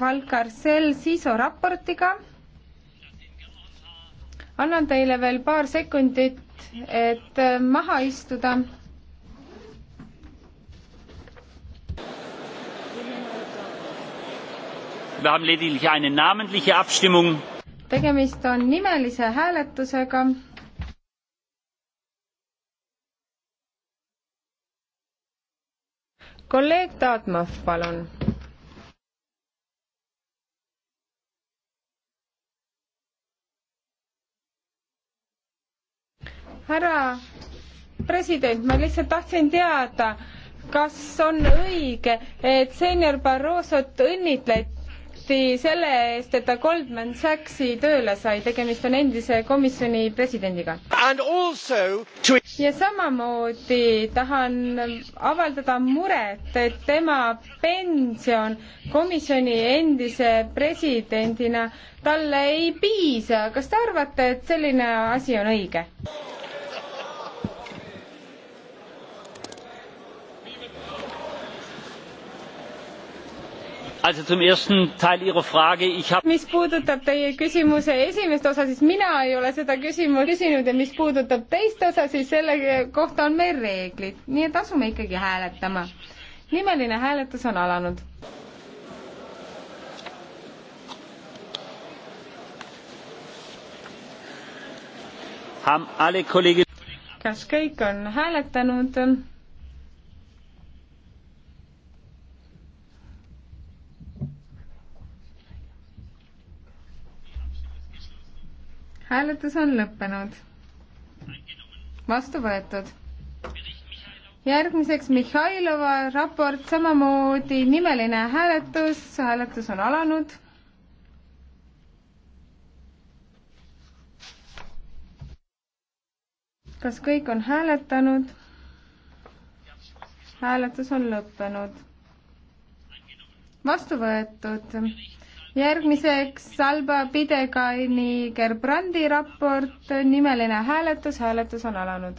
Valkarsel Siso raportiga. annan teile veel paar sekundit, et äh, maha istuda. tegemist on nimelise hääletusega kolleeg Taatmaf, palun! härra president, ma lihtsalt tahtsin teada, kas on õige, et seenior Barrosot õnnitleti selle eest, et ta Goldman Sachsi tööle sai, tegemist on endise komisjoni presidendiga. To... ja samamoodi tahan avaldada muret, et tema pension komisjoni endise presidendina talle ei piisa. kas te arvate, et selline asi on õige? mis puudutab teie küsimuse esimest osa, siis mina ei ole seda küsimust küsinud ja mis puudutab teist osa, siis selle kohta on meil reeglid, nii et asume ikkagi hääletama. nimeline hääletus on alanud. kas kõik on hääletanud? hääletus on lõppenud. vastu võetud. järgmiseks Mihhailova raport, samamoodi nimeline hääletus, hääletus on alanud. kas kõik on hääletanud? hääletus on lõppenud. vastu võetud järgmiseks Salba Pidegaini Gerbrandi raport, nimeline hääletus, hääletus on alanud.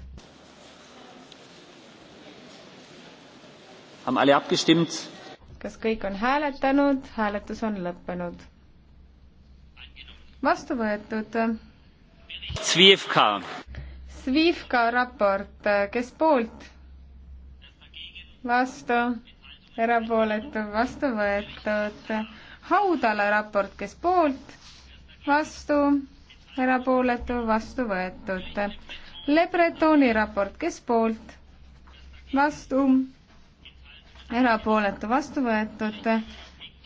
kas kõik on hääletanud, hääletus on lõppenud? vastu võetud. Svivka. Svivka raport, kes poolt? vastu, erapooletu, vastu võetud Haudala raport, kes poolt, vastu, erapooletu, vastu võetud. Lebretoni raport, kes poolt, vastu, erapooletu, vastu võetud.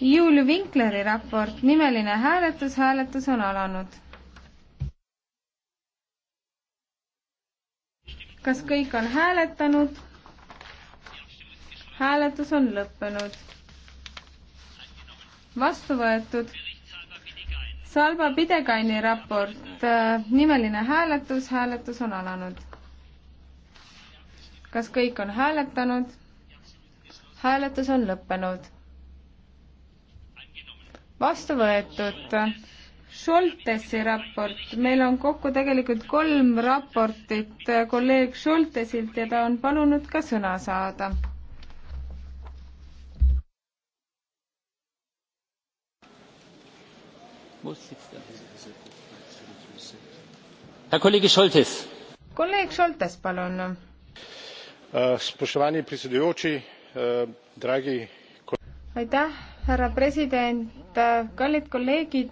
Julia Winkleri raport, nimeline hääletus, hääletus on alanud. kas kõik on hääletanud? hääletus on lõppenud vastu võetud. Salva Pidegaini raport, äh, nimeline hääletus, hääletus on alanud. kas kõik on hääletanud? hääletus on lõppenud. vastu võetud. Šoltesi raport, meil on kokku tegelikult kolm raportit äh, kolleeg Šoltesilt ja ta on palunud ka sõna saada kolleeg Šoltes, palun. Äh, äh, aitäh, härra president, kallid kolleegid.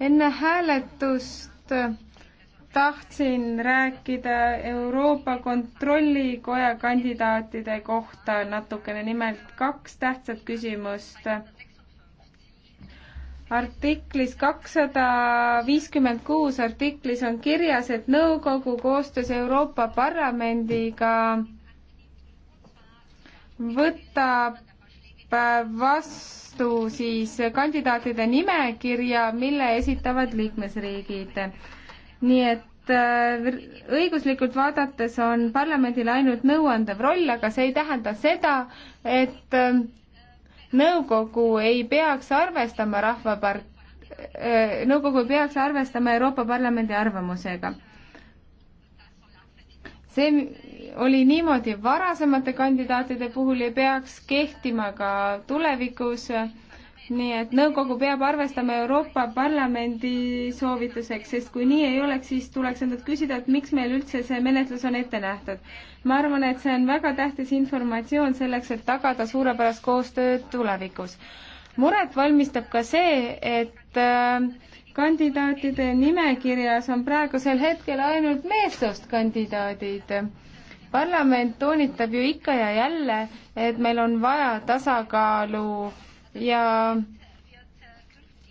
enne hääletust tahtsin rääkida Euroopa Kontrollikoja kandidaatide kohta natukene, nimelt kaks tähtsat küsimust artiklis kakssada viiskümmend kuus artiklis on kirjas, et nõukogu koostöös Euroopa Parlamendiga võtab vastu siis kandidaatide nimekirja, mille esitavad liikmesriigid. nii et äh, õiguslikult vaadates on parlamendil ainult nõuandev roll, aga see ei tähenda seda, et äh, nõukogu ei peaks arvestama rahvapart-, äh, nõukogu peaks arvestama Euroopa Parlamendi arvamusega. see oli niimoodi varasemate kandidaatide puhul ja peaks kehtima ka tulevikus nii et nõukogu peab arvestama Euroopa Parlamendi soovituseks, sest kui nii ei oleks, siis tuleks endalt küsida, et miks meil üldse see menetlus on ette nähtud. ma arvan, et see on väga tähtis informatsioon selleks, et tagada suurepärast koostööd tulevikus. muret valmistab ka see, et äh, kandidaatide nimekirjas on praegusel hetkel ainult meessoost kandidaadid parlament toonitab ju ikka ja jälle, et meil on vaja tasakaalu ja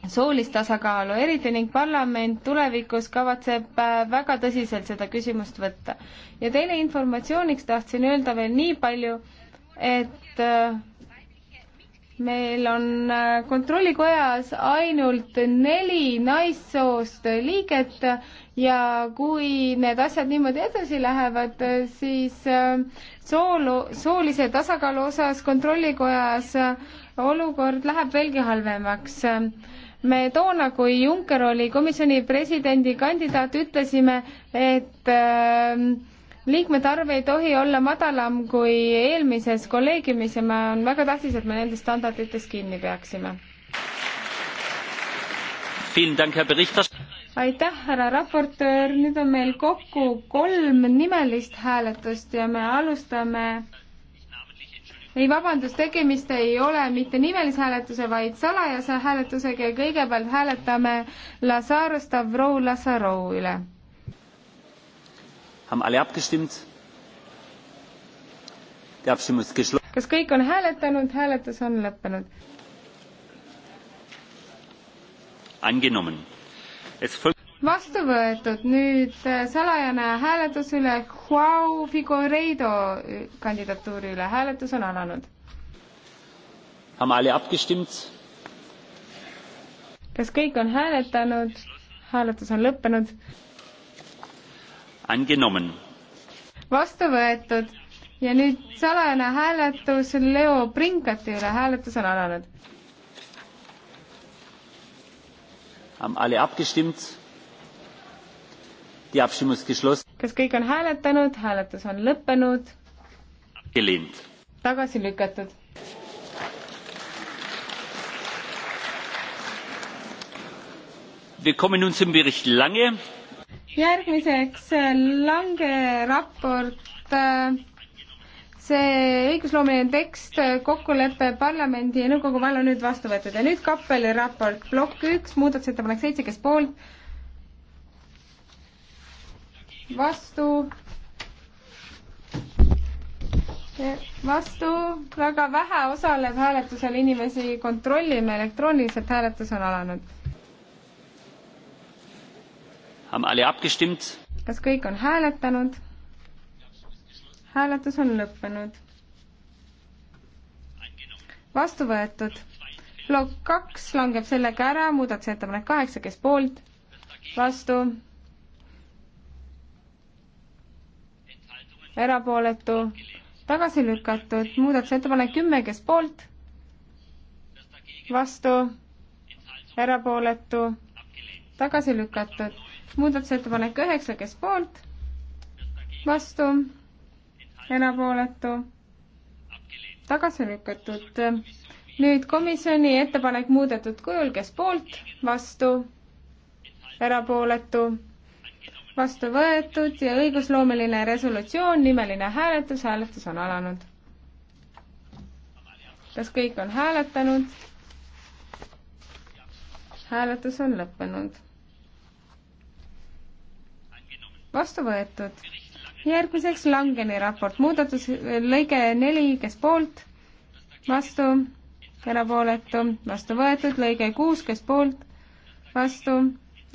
soolist tasakaalu eriti ning parlament tulevikus kavatseb äh, väga tõsiselt seda küsimust võtta. ja teile informatsiooniks tahtsin öelda veel nii palju, et äh, meil on äh, kontrollikojas ainult neli naissoost liiget ja kui need asjad niimoodi edasi lähevad, siis äh, soolu, soolise tasakaalu osas Kontrollikojas äh, olukord läheb veelgi halvemaks me toona, kui Juncker oli komisjoni presidendikandidaat, ütlesime, et äh, liikmete arv ei tohi olla madalam kui eelmises kolleegiumis ja ma, on väga tähtis, et me nendest standarditest kinni peaksime aitäh, härra raportöör, nüüd on meil kokku kolm nimelist hääletust ja me alustame ei, vabandust, tegemist ei ole mitte nimelise hääletuse, vaid salajase hääletusega ja kõigepealt hääletame Lazar Stavrou Lazarou üle. kas kõik on hääletanud, hääletus on lõppenud? Angenommen vastu võetud nüüd äh, salajane hääletus üle Juan Figueiredo äh, kandidatuuri üle, hääletus on alanud. kas kõik on hääletanud? hääletus on lõppenud. vastu võetud ja nüüd salajane hääletus Leo Prinkati üle, hääletus on alanud haben alle abgestimmt? Die Abstimmung ist geschlossen. kas kõik on hääletanud, hääletus on lõppenud? tagasi lükatud. järgmiseks äh, Lange raport äh, see õigusloomeline tekst, kokkulepe parlamendi ja nõukogu vahel on nüüd vastu võetud ja nüüd Kappeli raport, plokk üks, muudatusettepanek seitse, kes poolt? vastu. vastu, väga vähe osaleb hääletusel inimesi, kontrollime elektrooniliselt, hääletus on alanud. kas kõik on hääletanud? hääletus on lõppenud. vastu võetud. plokk kaks langeb sellega ära, muudatusettepanek kaheksa, kes poolt, vastu, erapooletu, tagasi lükatud, muudatusettepanek kümme, kes poolt, vastu, erapooletu, tagasi lükatud, muudatusettepanek üheksa, kes poolt, vastu erapooletu, tagasi lükatud. nüüd komisjoni ettepanek muudetud kujul, kes poolt, vastu, erapooletu, vastu võetud ja õigusloomeline resolutsioon, nimeline hääletus, hääletus on alanud. kas kõik on hääletanud? hääletus on lõppenud. vastu võetud järgmiseks Langeni raport, muudatus äh, lõige neli, kes poolt, vastu, erapooletu, vastu võetud, lõige kuus, kes poolt, vastu,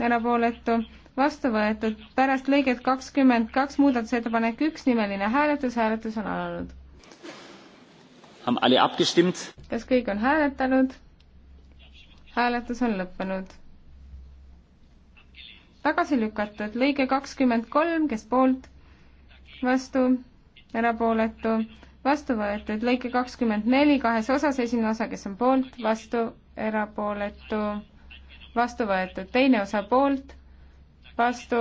erapooletu, vastu võetud, pärast lõiget kakskümmend kaks muudatusettepanek üks, nimeline hääletus, hääletus on alanud. kas kõik on hääletanud? hääletus on lõppenud. tagasi lükatud, lõige kakskümmend kolm, kes poolt vastu, erapooletu, vastu võetud. lõike kakskümmend neli kahes osas, esimene osa, kes on poolt, vastu, erapooletu, vastu võetud. teine osa poolt, vastu,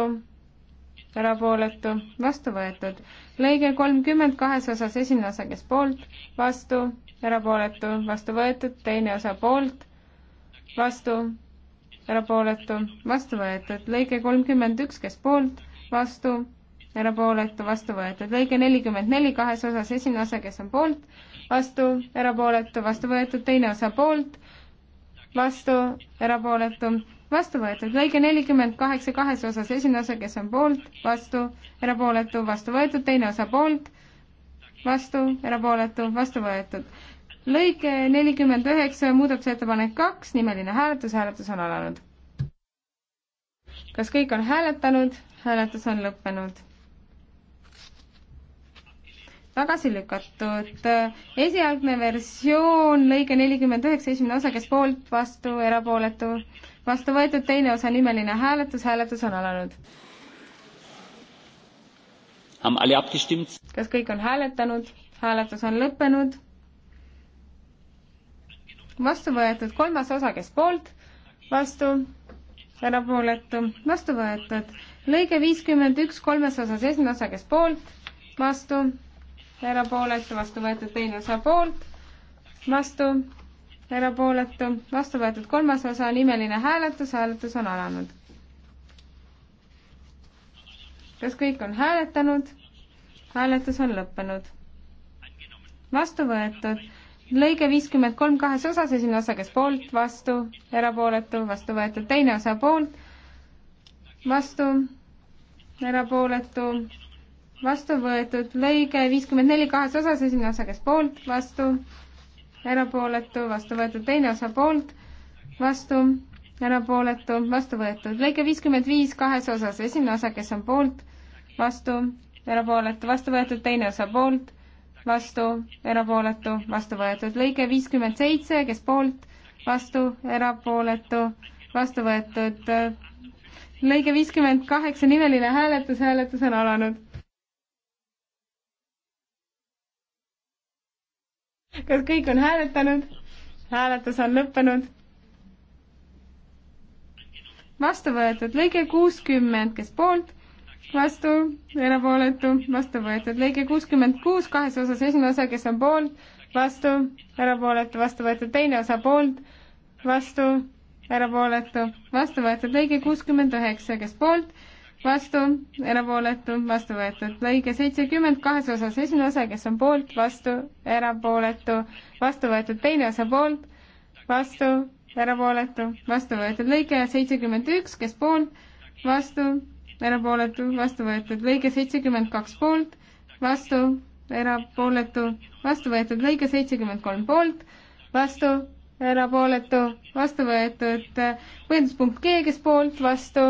erapooletu, vastu võetud. lõige kolmkümmend kahes osas, esimene osa, kes poolt, vastu, erapooletu, vastu võetud, teine osa poolt, vastu, erapooletu, vastu võetud, lõige kolmkümmend üks, kes poolt, vastu, erapooletu, vastu võetud. lõige nelikümmend neli kahes osas, esimene osa, kes on poolt, vastu, erapooletu, vastu võetud, teine osa poolt, vastu, erapooletu, vastu võetud. lõige nelikümmend kaheksa kahes osas, esimene osa, kes on poolt, vastu, erapooletu, vastu võetud, teine osa poolt, vastu, erapooletu, vastu võetud. lõige nelikümmend üheksa, muudatusettepanek kaks, nimeline hääletus, hääletus on alanud. kas kõik on hääletanud? hääletus on lõppenud tagasi lükatud. esialgne versioon, lõige nelikümmend üheksa, esimene osa, kes poolt, vastu, erapooletu, vastu võetud, teine osa, nimeline hääletus, hääletus on alanud. kas kõik on hääletanud? hääletus on lõppenud. vastu võetud kolmas osa, kes poolt, vastu, erapooletu, vastu võetud. lõige viiskümmend üks, kolmes osas, esimene osa, kes poolt, vastu erapooletu, vastu võetud teine osa poolt, vastu, erapooletu, vastu võetud kolmas osa, nimeline hääletus, hääletus on alanud. kas kõik on hääletanud? hääletus on lõppenud. vastu võetud lõige viiskümmend kolm kahes osas, esimene osa, kes poolt, vastu, erapooletu, vastu võetud, teine osa poolt, vastu, erapooletu, vastu võetud lõige viiskümmend neli kahes osas, esimene osa, kes poolt, vastu, erapooletu, vastu võetud teine osa poolt, vastu, erapooletu, vastu võetud. lõige viiskümmend viis kahes osas, esimene osa, kes on poolt, vastu, erapooletu, vastu võetud teine osa poolt, vastu, erapooletu, vastu võetud. lõige viiskümmend seitse, kes poolt, vastu, erapooletu, vastu võetud. lõige viiskümmend kaheksa, nimeline hääletus, hääletus on alanud kas kõik on hääletanud? hääletus on lõppenud. vastu võetud lõige kuuskümmend, kes poolt, vastu, erapooletu, vastu võetud lõige kuuskümmend kuus, kahes osas esimene osa, kes on poolt, vastu, erapooletu, vastu võetud teine osa poolt, vastu, erapooletu, vastu võetud lõige kuuskümmend üheksa, kes poolt vastu, erapooletu, vastu võetud. lõige seitsekümmend kahes osas, esimene osa, kes on poolt, vastu, erapooletu, vastu võetud, teine osa poolt, vastu, erapooletu, vastu võetud. lõige seitsekümmend üks, kes poolt, vastu, erapooletu, vastu võetud. lõige seitsekümmend kaks poolt, vastu, erapooletu, vastu võetud. lõige seitsekümmend kolm poolt, vastu, erapooletu, vastu võetud. põhjenduspunkt G, kes poolt, vastu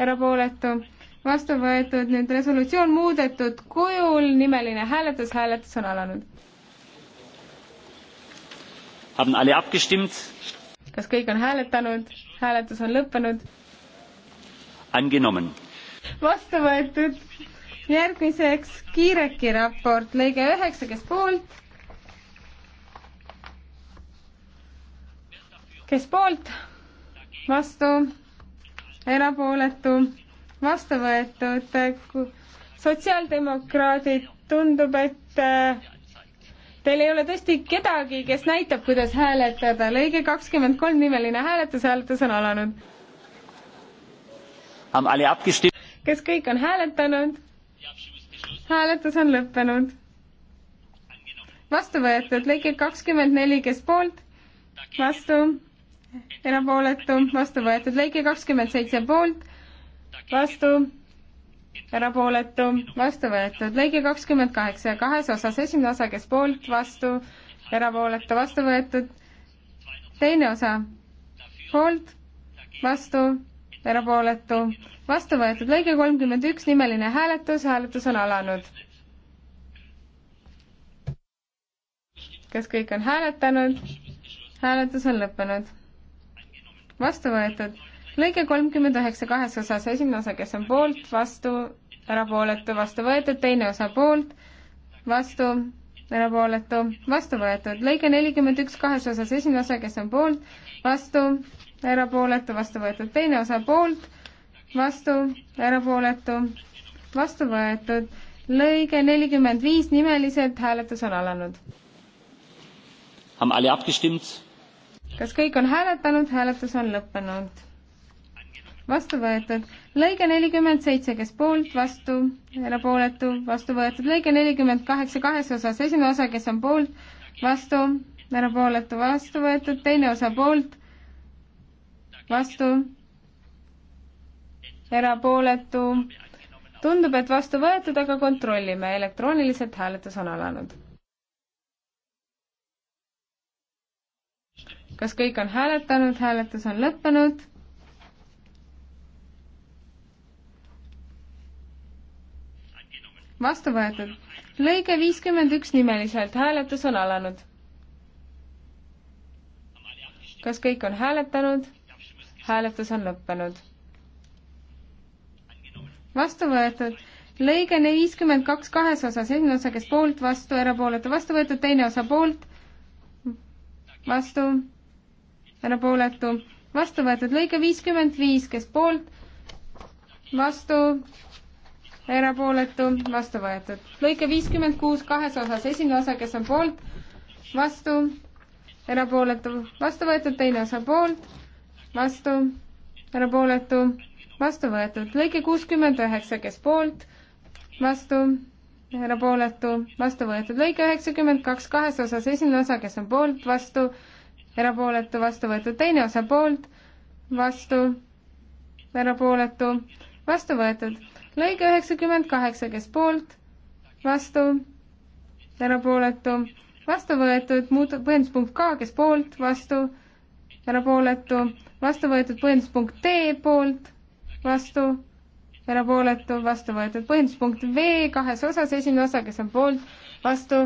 erapooletu, vastu võetud, nüüd resolutsioon muudetud kujul, nimeline hääletus, hääletus on alanud. kas kõik on hääletanud, hääletus on lõppenud? vastu võetud, järgmiseks Kiireki raport, lõige üheksa, kes poolt? kes poolt? vastu? erapooletu, vastu võetud. sotsiaaldemokraadid, tundub, et äh, teil ei ole tõesti kedagi, kes näitab, kuidas hääletada. lõige kakskümmend kolm nimeline hääletus, hääletus on alanud. kas kõik on hääletanud? hääletus on lõppenud. vastu võetud lõige kakskümmend neli, kes poolt? vastu erapooletu, vastu võetud lõige kakskümmend seitse poolt, vastu, erapooletu, vastu võetud lõige kakskümmend kaheksa ja kahes osas, esimene osa, kes poolt, vastu, erapooletu, vastu võetud, teine osa, poolt, vastu, erapooletu, vastu võetud lõige kolmkümmend üks, nimeline hääletus, hääletus on alanud. kas kõik on hääletanud? hääletus on lõppenud vastu võetud. lõige kolmkümmend üheksa kahes osas, esimene osa, kes on poolt, vastu, erapooletu, vastu võetud, teine osa poolt, vastu, erapooletu, vastu võetud. lõige nelikümmend üks kahes osas, esimene osa, kes on poolt, vastu, erapooletu, vastu võetud, teine osa poolt, vastu, erapooletu, vastu võetud. lõige nelikümmend viis nimeliselt, hääletus on alanud. Haben alle abgestimmt? kas kõik on hääletanud, hääletus on lõppenud? vastu võetud. lõige nelikümmend seitse, kes poolt, vastu, erapooletu, vastu võetud. lõige nelikümmend kaheksa kahes osas, esimene osa, kes on poolt, vastu, erapooletu, vastu võetud, teine osa poolt, vastu, erapooletu. tundub, et vastu võetud, aga kontrollime. elektrooniliselt hääletus on alanud. kas kõik on hääletanud, hääletus on lõppenud? vastu võetud. lõige viiskümmend üks nimeliselt, hääletus on alanud. kas kõik on hääletanud? hääletus on lõppenud. vastu võetud lõigeni viiskümmend kaks kahes osas, esimene osa, kes poolt, vastu, erapooletu, vastu võetud, teine osa poolt, vastu, erapooletu, vastu võetud lõige viiskümmend viis, kes poolt, vastu, erapooletu, vastu võetud. lõige viiskümmend kuus kahes osas, esimene osa, kes on poolt, vastu, erapooletu, vastu võetud, teine osa poolt, vastu, erapooletu, vastu võetud. lõige kuuskümmend üheksa, kes poolt, vastu, erapooletu, vastu võetud. lõige üheksakümmend kaks kahes osas, esimene osa, kes on poolt, vastu, erapooletu, vastu võetud, teine osa poolt, vastu, erapooletu, vastu võetud. lõige üheksakümmend kaheksa, kes poolt, vastu, erapooletu, vastu võetud, muutu-, põhjenduspunkt K, kes poolt, vastu, erapooletu, vastu võetud põhjenduspunkt D poolt, vastu, erapooletu, vastu võetud põhjenduspunkt V kahes osas, esimene osa, kes on poolt, vastu,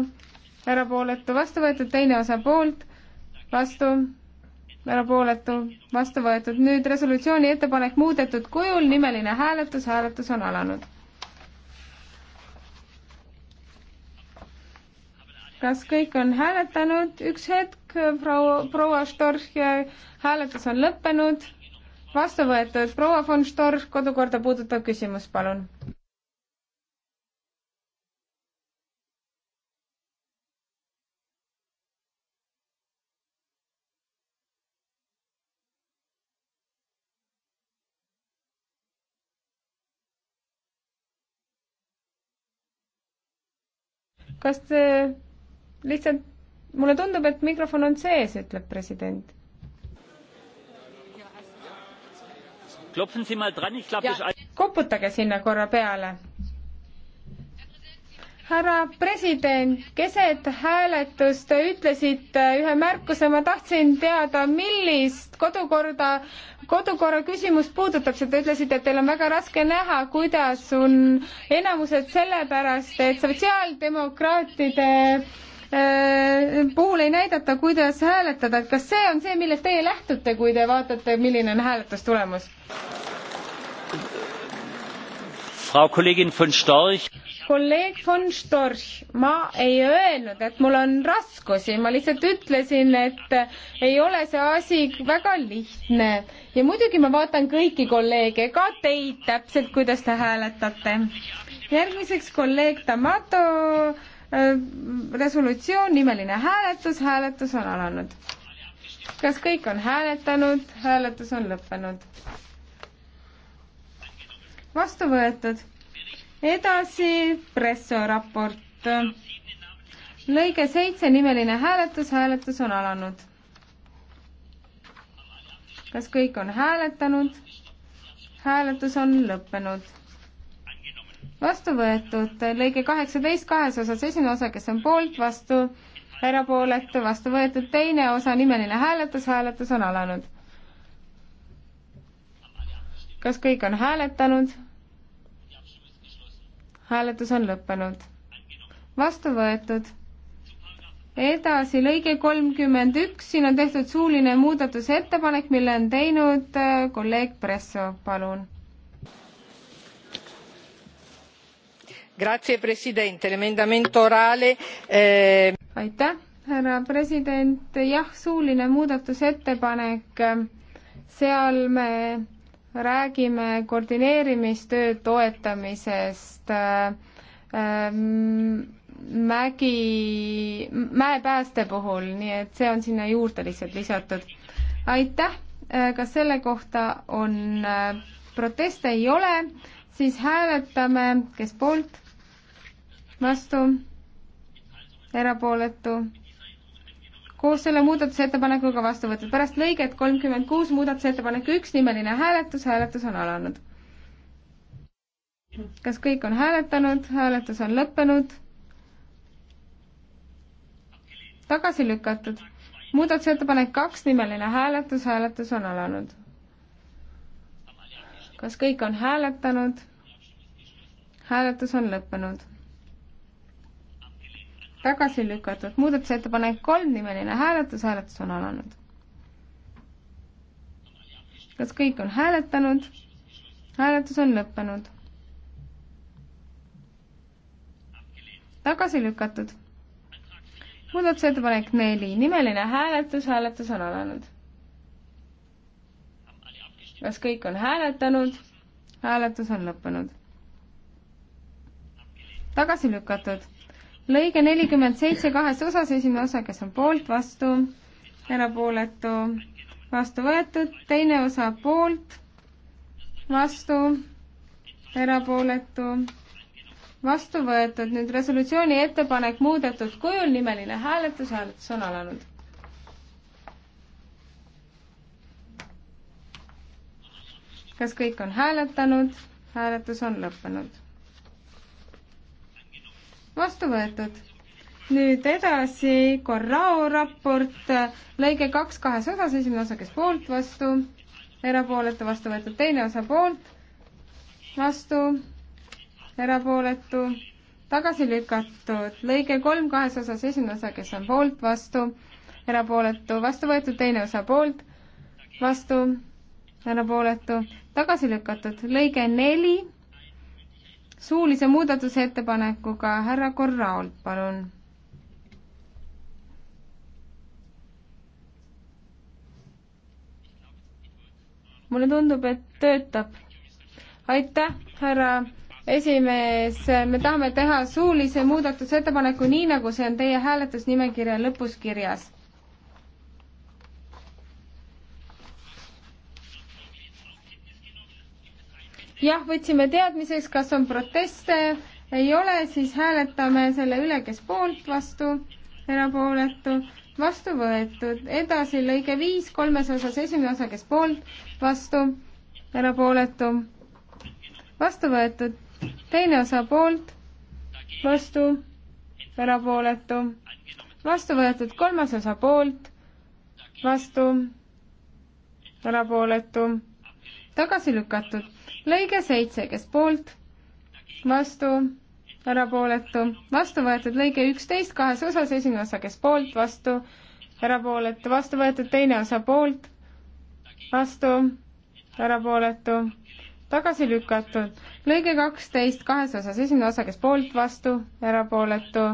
erapooletu, vastu võetud, teine osa poolt vastu, erapooletu, vastu võetud. nüüd resolutsiooni ettepanek muudetud kujul, nimeline hääletus, hääletus on alanud. kas kõik on hääletanud? üks hetk, proua, proua Storch, hääletus on lõppenud. vastu võetud, proua von Storch, kodukorda puudutav küsimus, palun. kas te lihtsalt, mulle tundub, et mikrofon on sees, ütleb president. koputage sinna korra peale härra president, keset hääletust te ütlesite ühe märkuse, ma tahtsin teada, millist kodukorda, kodukorra küsimust puudutab see, te ütlesite, et teil on väga raske näha, kuidas on enamused sellepärast, et sotsiaaldemokraatide äh, puhul ei näidata, kuidas hääletada, et kas see on see, millest teie lähtute, kui te vaatate, milline on hääletustulemus? Äh, kolleeg von Storch, ma ei öelnud, et mul on raskusi, ma lihtsalt ütlesin, et ei ole see asi väga lihtne ja muidugi ma vaatan kõiki kolleege, ka teid täpselt, kuidas te hääletate. järgmiseks kolleeg Tamato äh, resolutsioon, nimeline hääletus, hääletus on alanud. kas kõik on hääletanud, hääletus on lõppenud? vastu võetud. edasi pressoraport. lõige seitse, nimeline hääletus, hääletus on alanud. kas kõik on hääletanud? hääletus on lõppenud. vastu võetud lõige kaheksateist kahes osas, esimene osa, kes on poolt, vastu, erapooletu, vastu võetud, teine osa, nimeline hääletus, hääletus on alanud kas kõik on hääletanud? hääletus on lõppenud. vastu võetud. edasi lõige kolmkümmend üks, siin on tehtud suuline muudatusettepanek, mille on teinud äh, kolleeg Presso, palun. Grazie presidente, l'emendamento orale eh.... aitäh, härra president, jah, suuline muudatusettepanek, seal me räägime koordineerimistöö toetamisest äh, äh, mägi, mäepääste puhul, nii et see on sinna juurde lihtsalt lisatud. aitäh, äh, kas selle kohta on äh, proteste, ei ole, siis hääletame, kes poolt, vastu, erapooletu koos selle muudatusettepanekuga vastu võetud. pärast lõiget kolmkümmend kuus muudatusettepanek üks nimeline hääletus, hääletus on alanud. kas kõik on hääletanud, hääletus on lõppenud? tagasi lükatud. muudatusettepanek kaks nimeline hääletus, hääletus on alanud. kas kõik on hääletanud? hääletus on lõppenud tagasi lükatud. muudatusettepanek kolm, nimeline hääletus, hääletus on alanud. kas kõik on hääletanud? hääletus on lõppenud. tagasi lükatud. muudatusettepanek neli, nimeline hääletus, hääletus on alanud. kas kõik on hääletanud? hääletus on lõppenud. tagasi lükatud lõige nelikümmend seitse kahes osas, esimene osa, kes on poolt, vastu, erapooletu, vastu võetud, teine osa poolt, vastu, erapooletu, vastu võetud. nüüd resolutsiooni ettepanek muudetud kujul, nimeline hääletus, hääletus on alanud. kas kõik on hääletanud? hääletus on lõppenud vastu võetud. nüüd edasi Corrao raport, lõige kaks kahes osas, esimene osa, kes poolt, vastu, erapooletu, vastu võetud, teine osa poolt, vastu, erapooletu, tagasi lükatud, lõige kolm kahes osas, esimene osa, kes on poolt, vastu, erapooletu, vastu võetud, teine osa poolt, vastu, erapooletu, tagasi lükatud, lõige neli suulise muudatusettepanekuga härra Korraalt, palun. mulle tundub, et töötab. aitäh, härra esimees, me tahame teha suulise muudatusettepaneku, nii nagu see on teie hääletusnimekirja lõpus kirjas jah, võtsime teadmiseks, kas on proteste, ei ole, siis hääletame selle üle, kes poolt, vastu, erapooletu, vastu võetud. edasi lõige viis, kolmes osas esimene osa, kes poolt, vastu, erapooletu, vastu võetud. teine osa poolt, vastu, erapooletu, vastu võetud. kolmas osa poolt, vastu, erapooletu tagasi lükatud lõige seitse, kes poolt, vastu, erapooletu, vastu võetud lõige üksteist kahes osas, esimene osa, kes poolt, vastu, erapooletu, vastu võetud teine osa poolt, vastu, erapooletu, tagasi lükatud. lõige kaksteist kahes osas, esimene osa, kes poolt, vastu, erapooletu,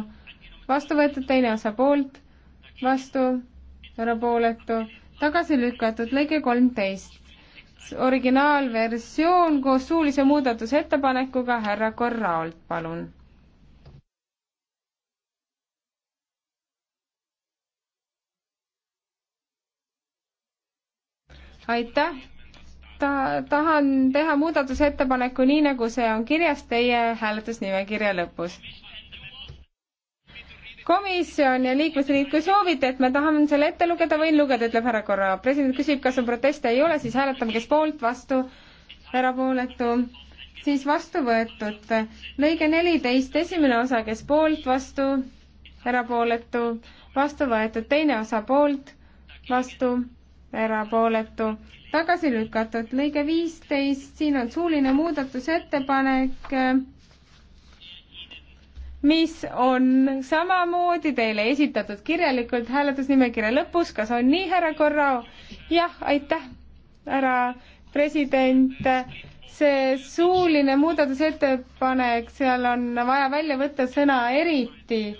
vastu võetud teine osa poolt, vastu, erapooletu, tagasi lükatud, lõige kolmteist originaalversioon koos suulise muudatusettepanekuga härra Korraalt, palun. aitäh, ta, tahan teha muudatusettepaneku nii, nagu see on kirjas teie hääletusnimekirja lõpus komisjon ja liikmesriigid, kui soovite, et ma tahan selle ette lugeda, võin lugeda, ütleb härra Korra. president küsib, kas on proteste, ei ole, siis hääletame, kes poolt, vastu, erapooletu, siis vastu võetud. lõige neliteist, esimene osa, kes poolt, vastu, erapooletu, vastu võetud, teine osa poolt, vastu, erapooletu, tagasi lükatud. lõige viisteist, siin on suuline muudatusettepanek mis on samamoodi teile esitatud kirjalikult hääletusnimekirja lõpus. kas on nii, härra Korrao? jah, aitäh, härra president. see suuline muudatusettepanek, seal on vaja välja võtta sõna eriti.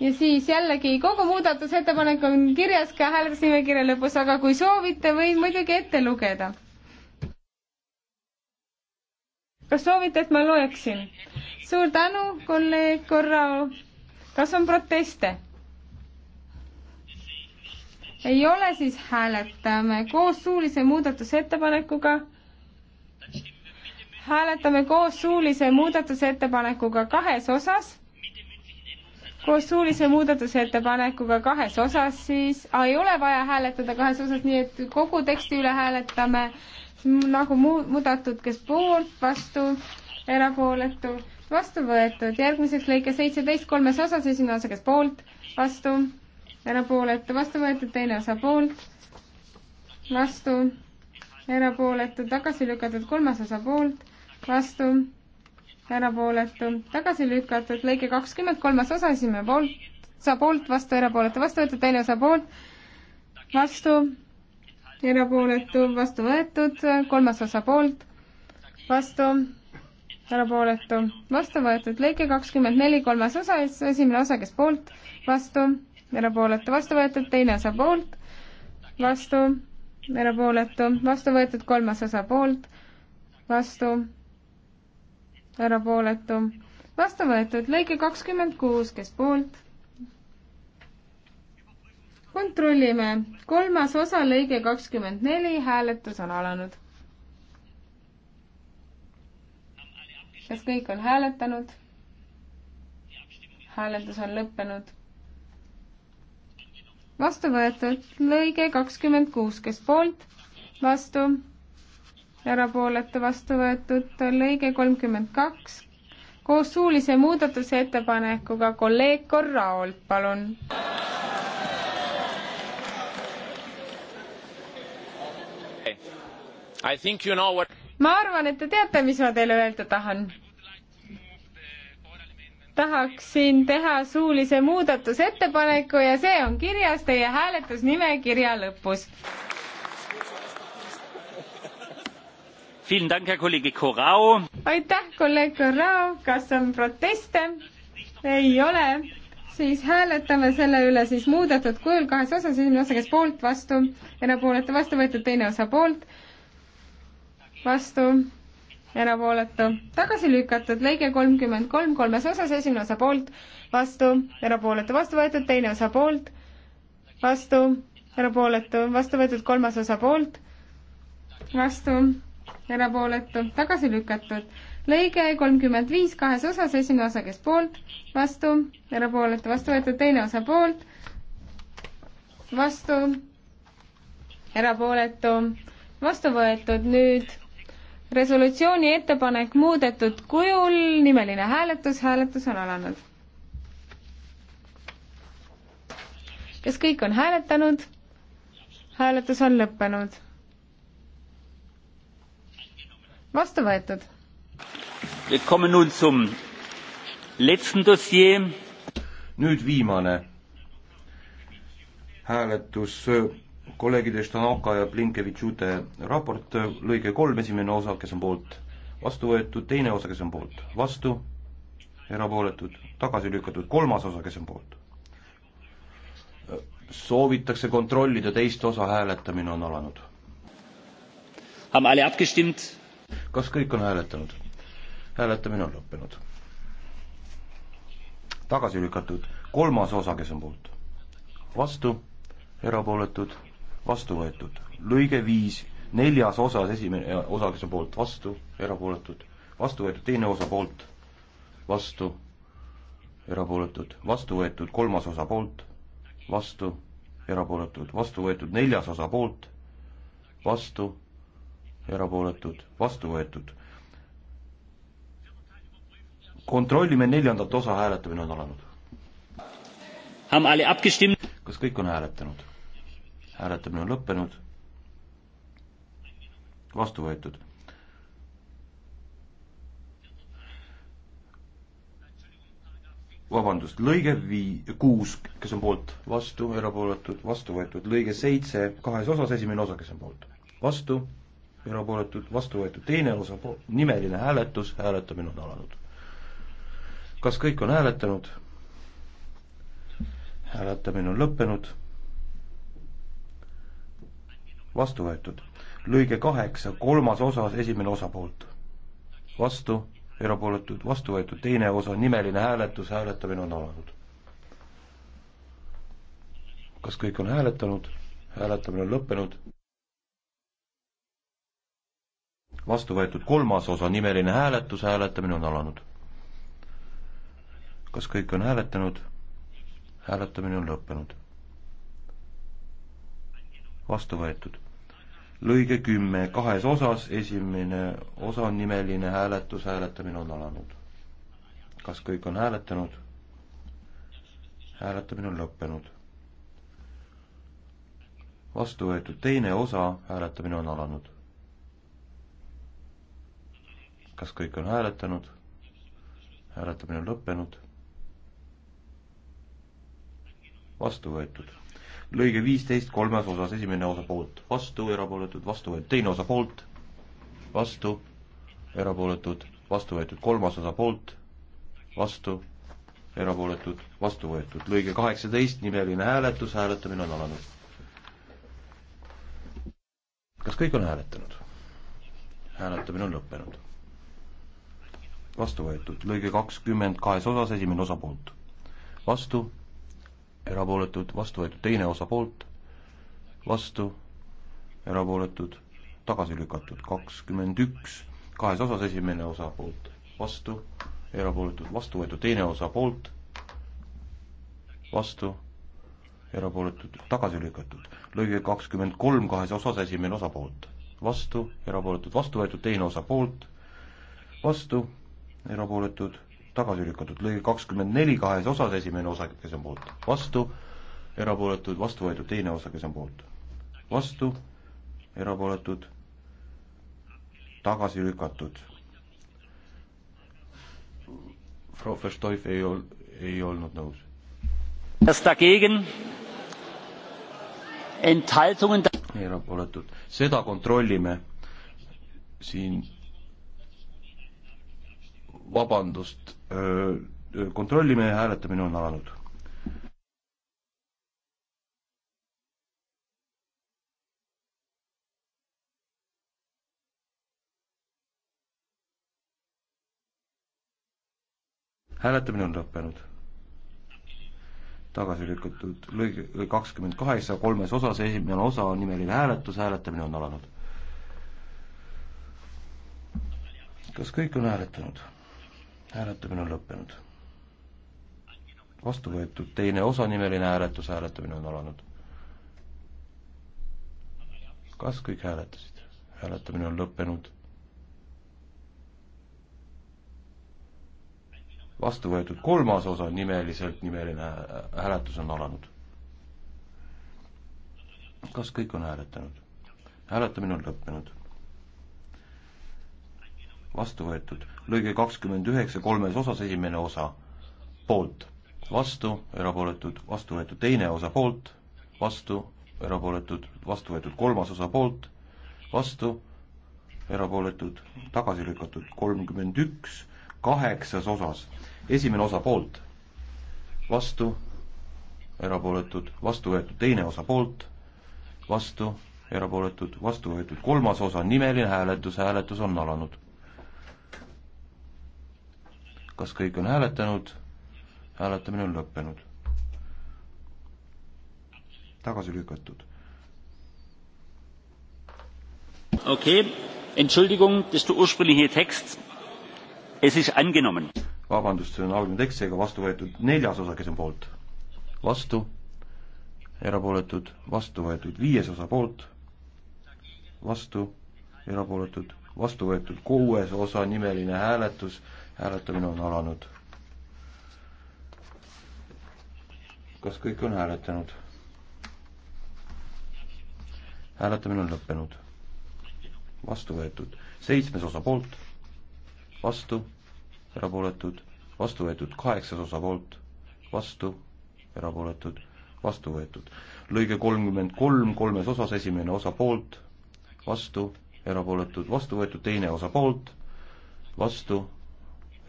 ja siis jällegi kogu muudatusettepanek on kirjas ka hääletusnimekirja lõpus, aga kui soovite, võin muidugi ette lugeda kas soovite, et ma loeksin? suur tänu, kolleeg Korrao. kas on proteste? ei ole, siis hääletame koos suulise muudatusettepanekuga. hääletame koos suulise muudatusettepanekuga kahes osas. koos suulise muudatusettepanekuga kahes osas siis ah,, ei ole vaja hääletada kahes osas, nii et kogu teksti üle hääletame nagu muu-, muudatud, kes poolt, vastu, erapooletu, vastu võetud. järgmiseks lõige seitseteist kolmes osas, esimene osa, kes poolt, vastu, erapooletu, vastu võetud, teine osa poolt, vastu, erapooletu, tagasi lükatud, kolmas osa poolt, vastu, erapooletu, tagasi lükatud, lõige kakskümmend, kolmas osa, esimene poolt, sa poolt, vastu, erapooletu, vastu võetud, teine osa poolt, vastu, erapooletu, vastu võetud, kolmas osa poolt, vastu, erapooletu, vastu võetud, lõike kakskümmend neli, kolmas osa, esimene osa, kes poolt, vastu, erapooletu, vastu võetud, teine osa poolt, vastu, erapooletu, vastu võetud, kolmas osa poolt, vastu, erapooletu, vastu võetud, lõige kakskümmend kuus, kes poolt, kontrollime, kolmas osa, lõige kakskümmend neli, hääletus on alanud. kas kõik on hääletanud? hääletus on lõppenud. vastu võetud lõige kakskümmend kuus, kes poolt, vastu, erapooletu vastu võetud lõige kolmkümmend kaks, koos suulise muudatusettepanekuga kolleeg Korraolt, palun You know what... ma arvan, et te teate, mis ma teile öelda tahan. tahaksin teha suulise muudatusettepaneku ja see on kirjas teie hääletusnimekirja lõpus. aitäh, kolleeg Korrao, kas on proteste? ei ole, siis hääletame selle üle siis muudetud kujul kahes osas, esimene osa, kes poolt, vastu, erapooletu, vastu võetud, teine osa poolt vastu, erapooletu, tagasi lükatud, lõige kolmkümmend kolm kolmes osas, esimene osa poolt, vastu, erapooletu, vastu võetud, teine osa poolt, vastu, erapooletu, vastu võetud, kolmas osa poolt, vastu, erapooletu, tagasi lükatud lõige kolmkümmend viis kahes osas, esimene osa, kes poolt, vastu, erapooletu, vastu võetud, teine osa poolt, vastu, erapooletu, vastu võetud, nüüd resolutsiooni ettepanek muudetud kujul, nimeline hääletus, hääletus on alanud. kas kõik on hääletanud? hääletus on lõppenud. vastu võetud. nüüd viimane hääletus kolleegide Štanoka ja Blinkevitšute raport, lõige kolm, esimene osa, kes on poolt, vastu võetud, teine osa, kes on poolt, vastu, erapooletud, tagasi lükatud, kolmas osa, kes on poolt. soovitakse kontrollida, teist osa hääletamine on alanud. kas kõik on hääletanud? hääletamine on lõppenud. tagasi lükatud, kolmas osa, kes on poolt, vastu, erapooletud vastu võetud. lõige viis, neljas osas, esimene osa, kes on poolt, vastu, erapooletud, vastu võetud, teine osa poolt, vastu, erapooletud, vastu võetud, kolmas osa poolt, vastu, erapooletud, vastu võetud, neljas osa poolt, vastu, erapooletud, vastu võetud. kontrollime neljandat osa, hääletamine on alanud. kas kõik on hääletanud? hääletamine on lõppenud, vastu võetud. vabandust, lõige vii-, kuus, kes on poolt, vastu, erapooletud, vastu võetud, lõige seitse, kahes osas, esimene osa, kes on poolt, vastu, erapooletud, vastu võetud, teine osa, nimeline hääletus, hääletamine on alanud. kas kõik on hääletanud? hääletamine on lõppenud vastu võetud. lõige kaheksa, kolmas osas, esimene osa poolt. vastu, erapooletud, vastu võetud, teine osa, nimeline hääletus, hääletamine on alanud. kas kõik on hääletanud? hääletamine on lõppenud. vastu võetud kolmas osa, nimeline hääletus, hääletamine on alanud. kas kõik on hääletanud? hääletamine on lõppenud. vastu võetud lõige kümme kahes osas, esimene osa on nimeline hääletus, hääletamine on alanud. kas kõik on hääletanud? hääletamine on lõppenud. vastu võetud teine osa, hääletamine on alanud. kas kõik on hääletanud? hääletamine on lõppenud. vastu võetud lõige viisteist kolmes osas, esimene osa poolt, vastu, erapooletud, vastu võetud, teine osa poolt, vastu, erapooletud, vastu võetud, kolmas osa poolt, vastu, erapooletud, vastu võetud. lõige kaheksateist, nimeline hääletus, hääletamine on alanud. kas kõik on hääletanud? hääletamine on lõppenud. vastu võetud, lõige kakskümmend kahes osas, esimene osa poolt, vastu erapooletud, vastu võetud, teine osa poolt, vastu, erapooletud, tagasi lükatud, kakskümmend üks, kahes osas esimene osa poolt, vastu, erapooletud, vastu võetud, teine osa poolt, vastu, erapooletud, tagasi lükatud, lõige kakskümmend kolm, kahes osas esimene osa poolt, vastu, erapooletud, vastu võetud, teine osa poolt, vastu, erapooletud tagasi lükatud, lõige kakskümmend neli kahes osas, esimene osa, kes on poolt, vastu, erapooletud, vastu võetud, teine osa, kes on poolt, vastu, erapooletud, tagasi lükatud. Frau Verstoif ei ol-, ei olnud nõus. erapooletud, seda kontrollime siin vabandust, kontrollime ja hääletamine on alanud. hääletamine on lõppenud. tagasi lükatud lõige kakskümmend kaheksa kolmes osas, esimene osa on nimeline hääletus, hääletamine on alanud. kas kõik on hääletanud? hääletamine on lõppenud. vastu võetud teine osanimeline hääletus, hääletamine on alanud. kas kõik hääletasid? hääletamine on lõppenud. vastu võetud kolmas osa nimeliselt, nimeline hääletus on alanud. kas kõik on hääletanud? hääletamine on lõppenud. vastu võetud lõige kakskümmend üheksa kolmes osas, esimene osa poolt, vastu, erapooletud, vastu võetud teine osa poolt, vastu, erapooletud, vastu võetud kolmas osa poolt, vastu, erapooletud, tagasi lükatud kolmkümmend üks, kaheksas osas, esimene osa poolt, vastu, erapooletud, vastu võetud teine osa poolt, vastu, erapooletud, vastu võetud kolmas osa, nimeline hääletus, hääletus on alanud kas kõik on hääletanud? hääletamine on lõppenud. tagasi lükatud. okei okay., entschuldigung, das du ursprüngliche tekst, es ist angenommen. vabandust, see on algne tekst, seega vastu võetud neljas osa, kes on poolt? vastu, erapooletud, vastu võetud viies osa poolt, vastu, erapooletud, vastu võetud kuues osa, nimeline hääletus hääletamine on alanud. kas kõik on hääletanud? hääletamine on lõppenud. vastu võetud seitsmes osa poolt, vastu, erapooletud, vastu võetud kaheksas osa poolt, vastu, erapooletud, vastu võetud. lõige kolmkümmend kolm, kolmes osas esimene osa poolt, vastu, erapooletud, vastu võetud teine osa poolt, vastu,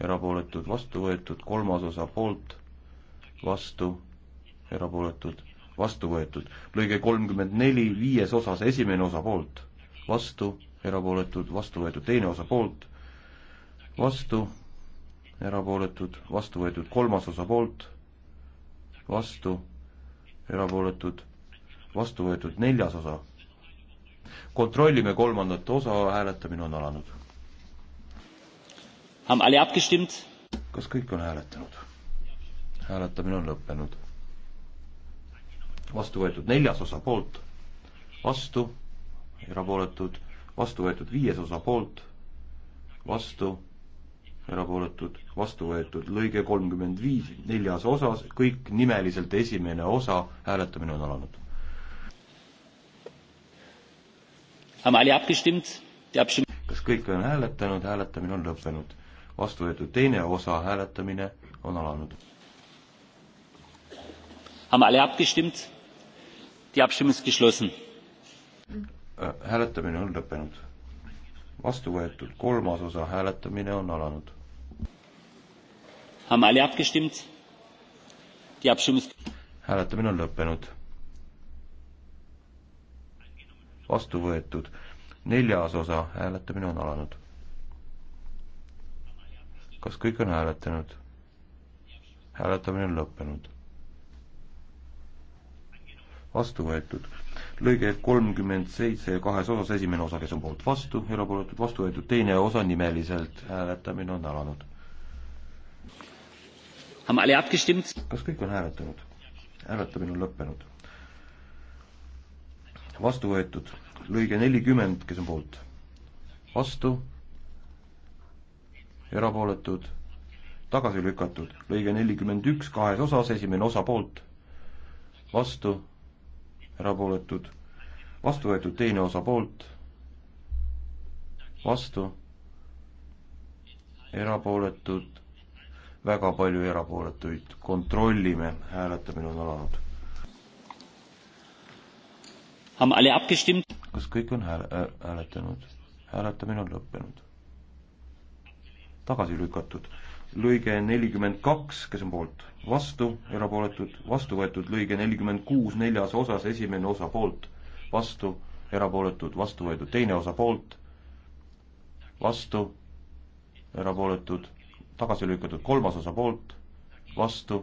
erapooletud, vastu võetud, kolmas osa poolt, vastu, erapooletud, vastu võetud. lõige kolmkümmend neli, viies osas esimene osa poolt, vastu, erapooletud, vastu võetud, teine osa poolt, vastu, erapooletud, vastu võetud, kolmas osa poolt, vastu, erapooletud, vastu võetud, neljas osa. kontrollime kolmandat osa, hääletamine on alanud kas kõik on hääletanud? hääletamine on lõppenud. vastu võetud neljas osa poolt, vastu, erapooletud, vastu võetud viies osa poolt, vastu, erapooletud, vastu võetud lõige kolmkümmend viis neljas osas, kõik nimeliselt esimene osa, hääletamine on alanud. kas kõik on hääletanud, hääletamine on lõppenud vastu võetud teine osa hääletamine on alanud. Äh, hääletamine on lõppenud. vastu võetud kolmas osa hääletamine on alanud. hääletamine on lõppenud. vastu võetud neljas osa hääletamine on alanud kas kõik on hääletanud? hääletamine on lõppenud. vastu võetud. lõige kolmkümmend seitse kahes osas, esimene osa, kes on poolt vastu, erapooletud vastu võetud, teine osa nimeliselt, hääletamine on alanud. kas kõik on hääletanud? hääletamine on lõppenud. vastu võetud lõige nelikümmend, kes on poolt? vastu erapooletud, tagasi lükatud, lõige nelikümmend üks kahes osas, esimene osa poolt, vastu, erapooletud, vastu võetud teine osa poolt, vastu, erapooletud, väga palju erapooletuid, kontrollime, hääletamine on alanud. kas kõik on hääl-, äh, hääletanud? hääletamine on lõppenud tagasi lükatud. lõige nelikümmend kaks, kes on poolt, vastu, erapooletud, vastu võetud, lõige nelikümmend kuus neljas osas, esimene osa poolt, vastu, erapooletud, vastu võetud, teine osa poolt, vastu, erapooletud, tagasi lükatud, kolmas osa poolt, vastu,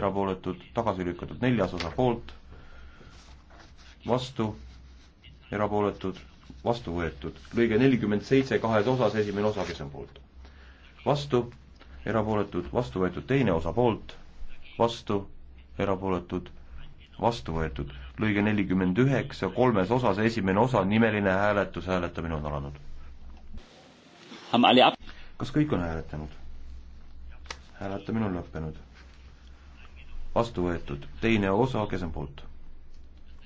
erapooletud, tagasi lükatud, neljas osa poolt, vastu, erapooletud, vastu võetud. lõige nelikümmend seitse kahes osas, esimene osa, kes on poolt? vastu, erapooletud, vastu võetud teine osa poolt, vastu, erapooletud, vastu võetud. lõige nelikümmend üheksa, kolmes osas, esimene osa, nimeline hääletus, hääletamine on alanud. kas kõik on hääletanud? hääletamine on lõppenud. vastu võetud teine osa, kes on poolt?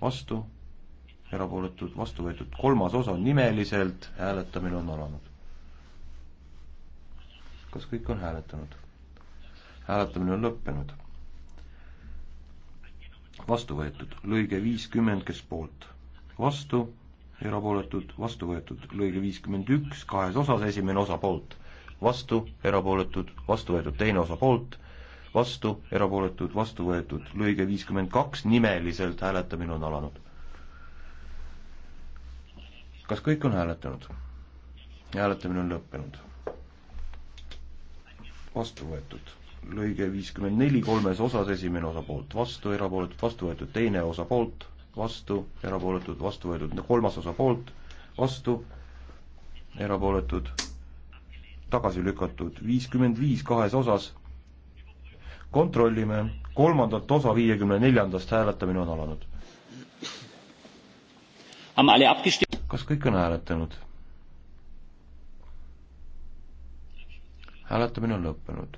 vastu, erapooletud, vastu võetud kolmas osa nimeliselt, hääletamine on alanud kas kõik on hääletanud? hääletamine on lõppenud. vastu võetud lõige viiskümmend, kes poolt, vastu, erapooletud, vastu võetud lõige viiskümmend üks, kahes osas, esimene osa poolt, vastu, erapooletud, vastu võetud teine osa poolt, vastu, erapooletud, vastu võetud lõige viiskümmend kaks, nimeliselt hääletamine on alanud. kas kõik on hääletanud? hääletamine on lõppenud vastu võetud. lõige viiskümmend neli kolmes osas, esimene osa poolt vastu, erapooletud vastu võetud, teine osa poolt vastu, erapooletud vastu võetud, kolmas osa poolt vastu, erapooletud tagasi lükatud, viiskümmend viis kahes osas. kontrollime, kolmandat osa viiekümne neljandast hääletamine on alanud. kas kõik on hääletanud? hääletamine on lõppenud.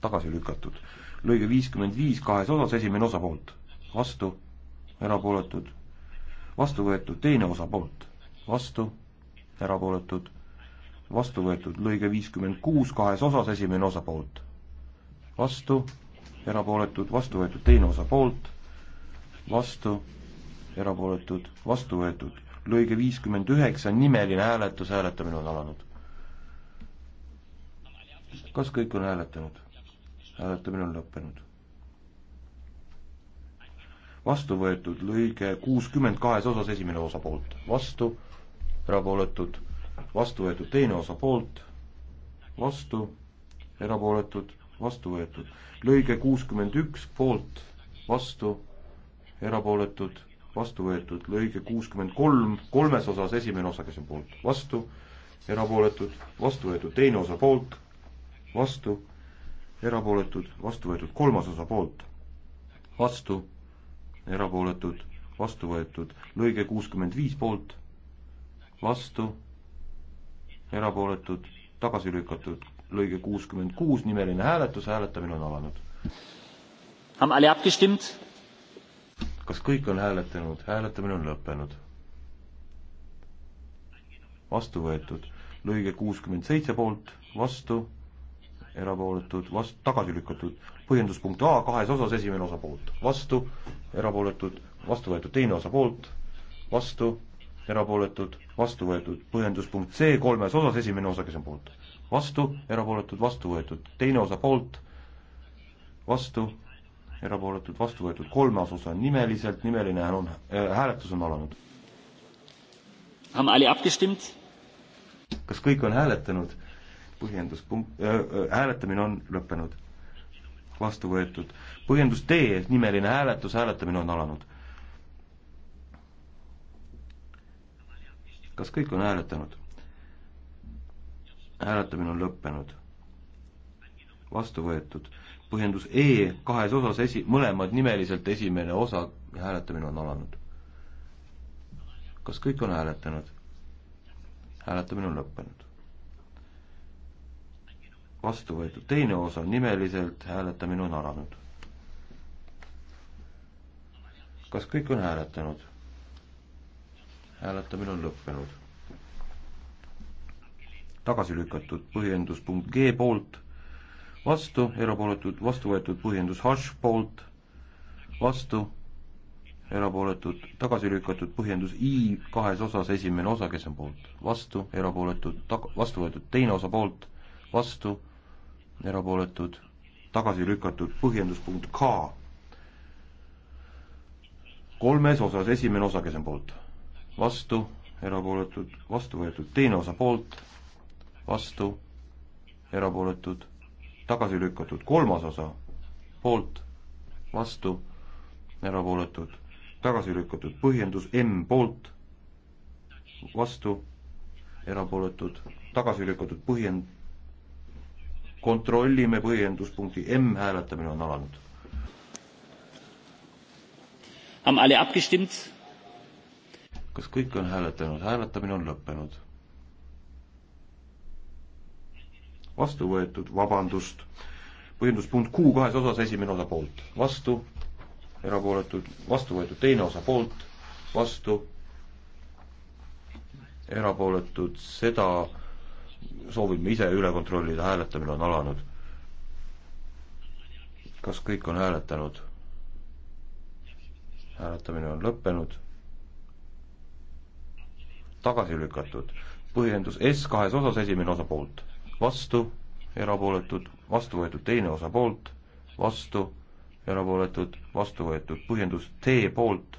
tagasi lükatud. lõige viiskümmend viis kahes osas, esimene osa poolt, vastu, erapooletud, vastu võetud, teine osa poolt, vastu, erapooletud, vastu võetud, lõige viiskümmend kuus kahes osas, esimene osa poolt, vastu, erapooletud, vastu võetud, teine osa poolt, vastu, erapooletud, vastu võetud, lõige viiskümmend üheksa, nimeline hääletus, hääletamine on alanud kas kõik on hääletanud? hääletamine on lõppenud. vastu võetud lõige kuuskümmend kahes osas esimene osa poolt, vastu, erapooletud, vastu võetud teine osa poolt, vastu, erapooletud, vastu võetud. lõige kuuskümmend üks poolt, vastu, erapooletud, vastu võetud. lõige kuuskümmend kolm, kolmes osas esimene osa, kes on poolt, vastu, erapooletud, vastu võetud, teine osa poolt vastu, erapooletud, vastu võetud, kolmas osa poolt, vastu, erapooletud, vastu võetud, lõige kuuskümmend viis poolt, vastu, erapooletud, tagasi lükatud, lõige kuuskümmend kuus, nimeline hääletus, hääletamine on alanud. kas kõik on hääletanud, hääletamine on lõppenud? vastu võetud, lõige kuuskümmend seitse poolt, vastu erapooletud, vast-, tagasi lükatud. põhjenduspunkt A kahes osas, esimene osa poolt, vastu, erapooletud, vastu võetud, teine osa poolt, vastu, erapooletud, vastu võetud. põhjenduspunkt C kolmes osas, esimene osa, kes on poolt, vastu, erapooletud, vastu võetud, teine osa poolt, vastu, erapooletud, vastu võetud, kolmas osa nimeliselt, nimeline on äh,, hääletus on alanud. kas kõik on hääletanud? põhjenduspunkt äh, äh,, hääletamine on lõppenud, vastu võetud. põhjendus D, nimeline hääletus, hääletamine on alanud. kas kõik on hääletanud? hääletamine on lõppenud, vastu võetud. põhjendus E kahes osas esi, mõlemad nimeliselt esimene osa, hääletamine on alanud. kas kõik on hääletanud? hääletamine on lõppenud vastu võetud, teine osa nimeliselt hääletamine on alanud. kas kõik on hääletanud? hääletamine on lõppenud. tagasi lükatud põhjendus punkt G poolt, vastu, erapooletud, vastu võetud põhjendus H poolt, vastu, erapooletud, tagasi lükatud põhjendus I kahes osas, esimene osa, kes on poolt, vastu, erapooletud, tag-, vastu võetud teine osa poolt, vastu erapooletud, tagasi lükatud, põhjenduspunkt K kolmes osas, esimene osa, kes on poolt, vastu, erapooletud, vastu võetud, teine osa poolt, vastu, erapooletud, tagasi lükatud, kolmas osa poolt, vastu, erapooletud, tagasi lükatud, põhjendus M poolt, vastu, erapooletud, tagasi lükatud, põhjend-, kontrollime põhjenduspunkti M, hääletamine on alanud. kas kõik on hääletanud, hääletamine on lõppenud. vastu võetud, vabandust, põhjenduspunkt Q kahes osas, esimene osa poolt, vastu, erapooletud, vastu võetud teine osa poolt, vastu, erapooletud, seda soovime ise üle kontrollida, hääletamine on alanud. kas kõik on hääletanud? hääletamine on lõppenud. tagasi lükatud. põhjendus S kahes osas, esimene osa poolt, vastu, erapooletud, vastu võetud teine osa poolt, vastu, erapooletud, vastu võetud. põhjendus T poolt,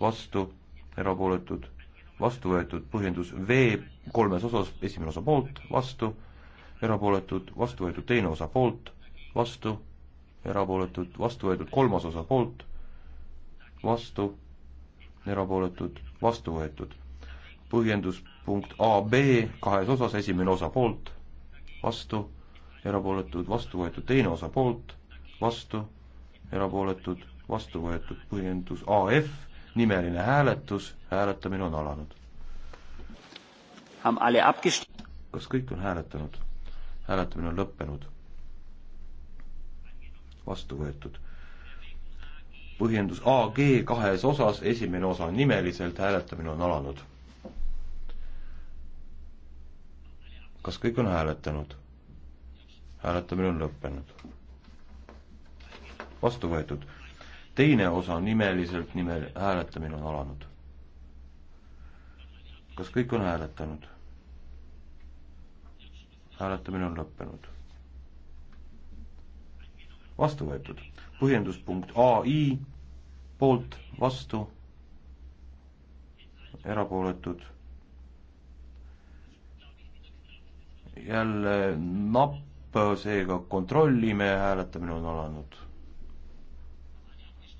vastu, erapooletud vastu võetud põhjendus V kolmes osas, esimene osa poolt, vastu, erapooletud, vastu võetud teine osa poolt, vastu, erapooletud, vastu võetud kolmas osa poolt, vastu, erapooletud, vastu võetud. põhjendus punkt AB kahes osas, esimene osa poolt, vastu, erapooletud, vastu võetud teine osa poolt, vastu, erapooletud, vastu võetud põhjendus AF nimeline hääletus, hääletamine on alanud. kas kõik on hääletanud? hääletamine on lõppenud. vastu võetud. põhjendus AG kahes osas, esimene osa nimeliselt, hääletamine on alanud. kas kõik on hääletanud? hääletamine on lõppenud. vastu võetud teine osa nimeliselt nimel hääletamine on alanud. kas kõik on hääletanud? hääletamine on lõppenud. vastu võetud. põhjenduspunkt ai poolt, vastu, erapooletud. jälle napp, seega kontrollime, hääletamine on alanud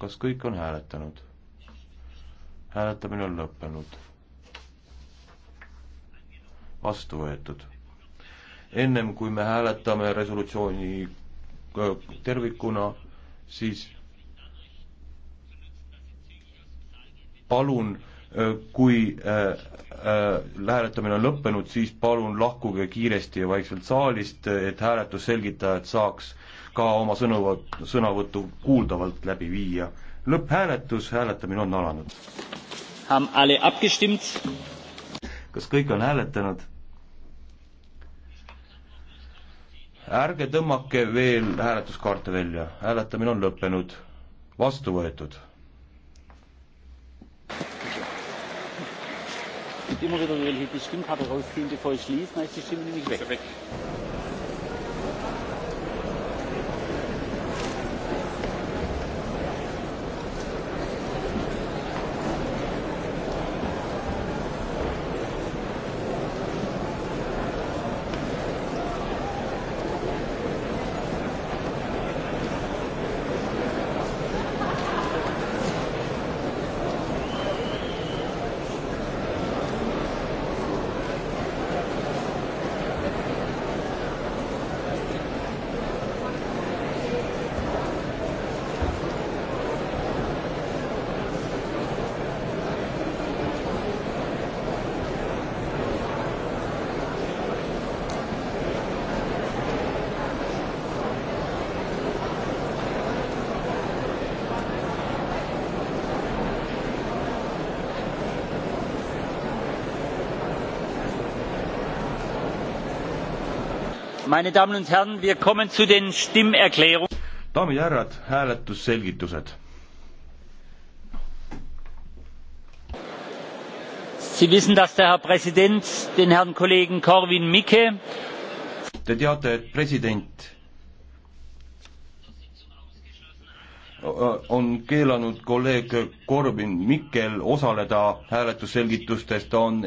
kas kõik on hääletanud? hääletamine on lõppenud. vastu võetud. ennem kui me hääletame resolutsiooni äh, tervikuna, siis palun kui hääletamine on lõppenud, siis palun lahkuge kiiresti ja vaikselt saalist, et hääletusselgitajad saaks ka oma sõnavõt-, sõnavõttu kuuldavalt läbi viia. lõpphääletus, hääletamine on alanud. kas kõik on hääletanud? ärge tõmmake veel hääletuskaarte välja, hääletamine on lõppenud, vastu võetud und immer wieder wenn ich die stimmkarte rausziehe bevor ich schließe dann ist die stimme nämlich weg. meine Damen und Herren, wir kommen zu den Stimmerklärungen. daamid ja härrad, hääletusselgitused. Sie wissen, dass der Herr Präsident den Herrn Kollegen Corwin Mikke Te teate, et president on keelanud kolleeg Korbin Mikkel osaleda hääletusselgitustes, ta on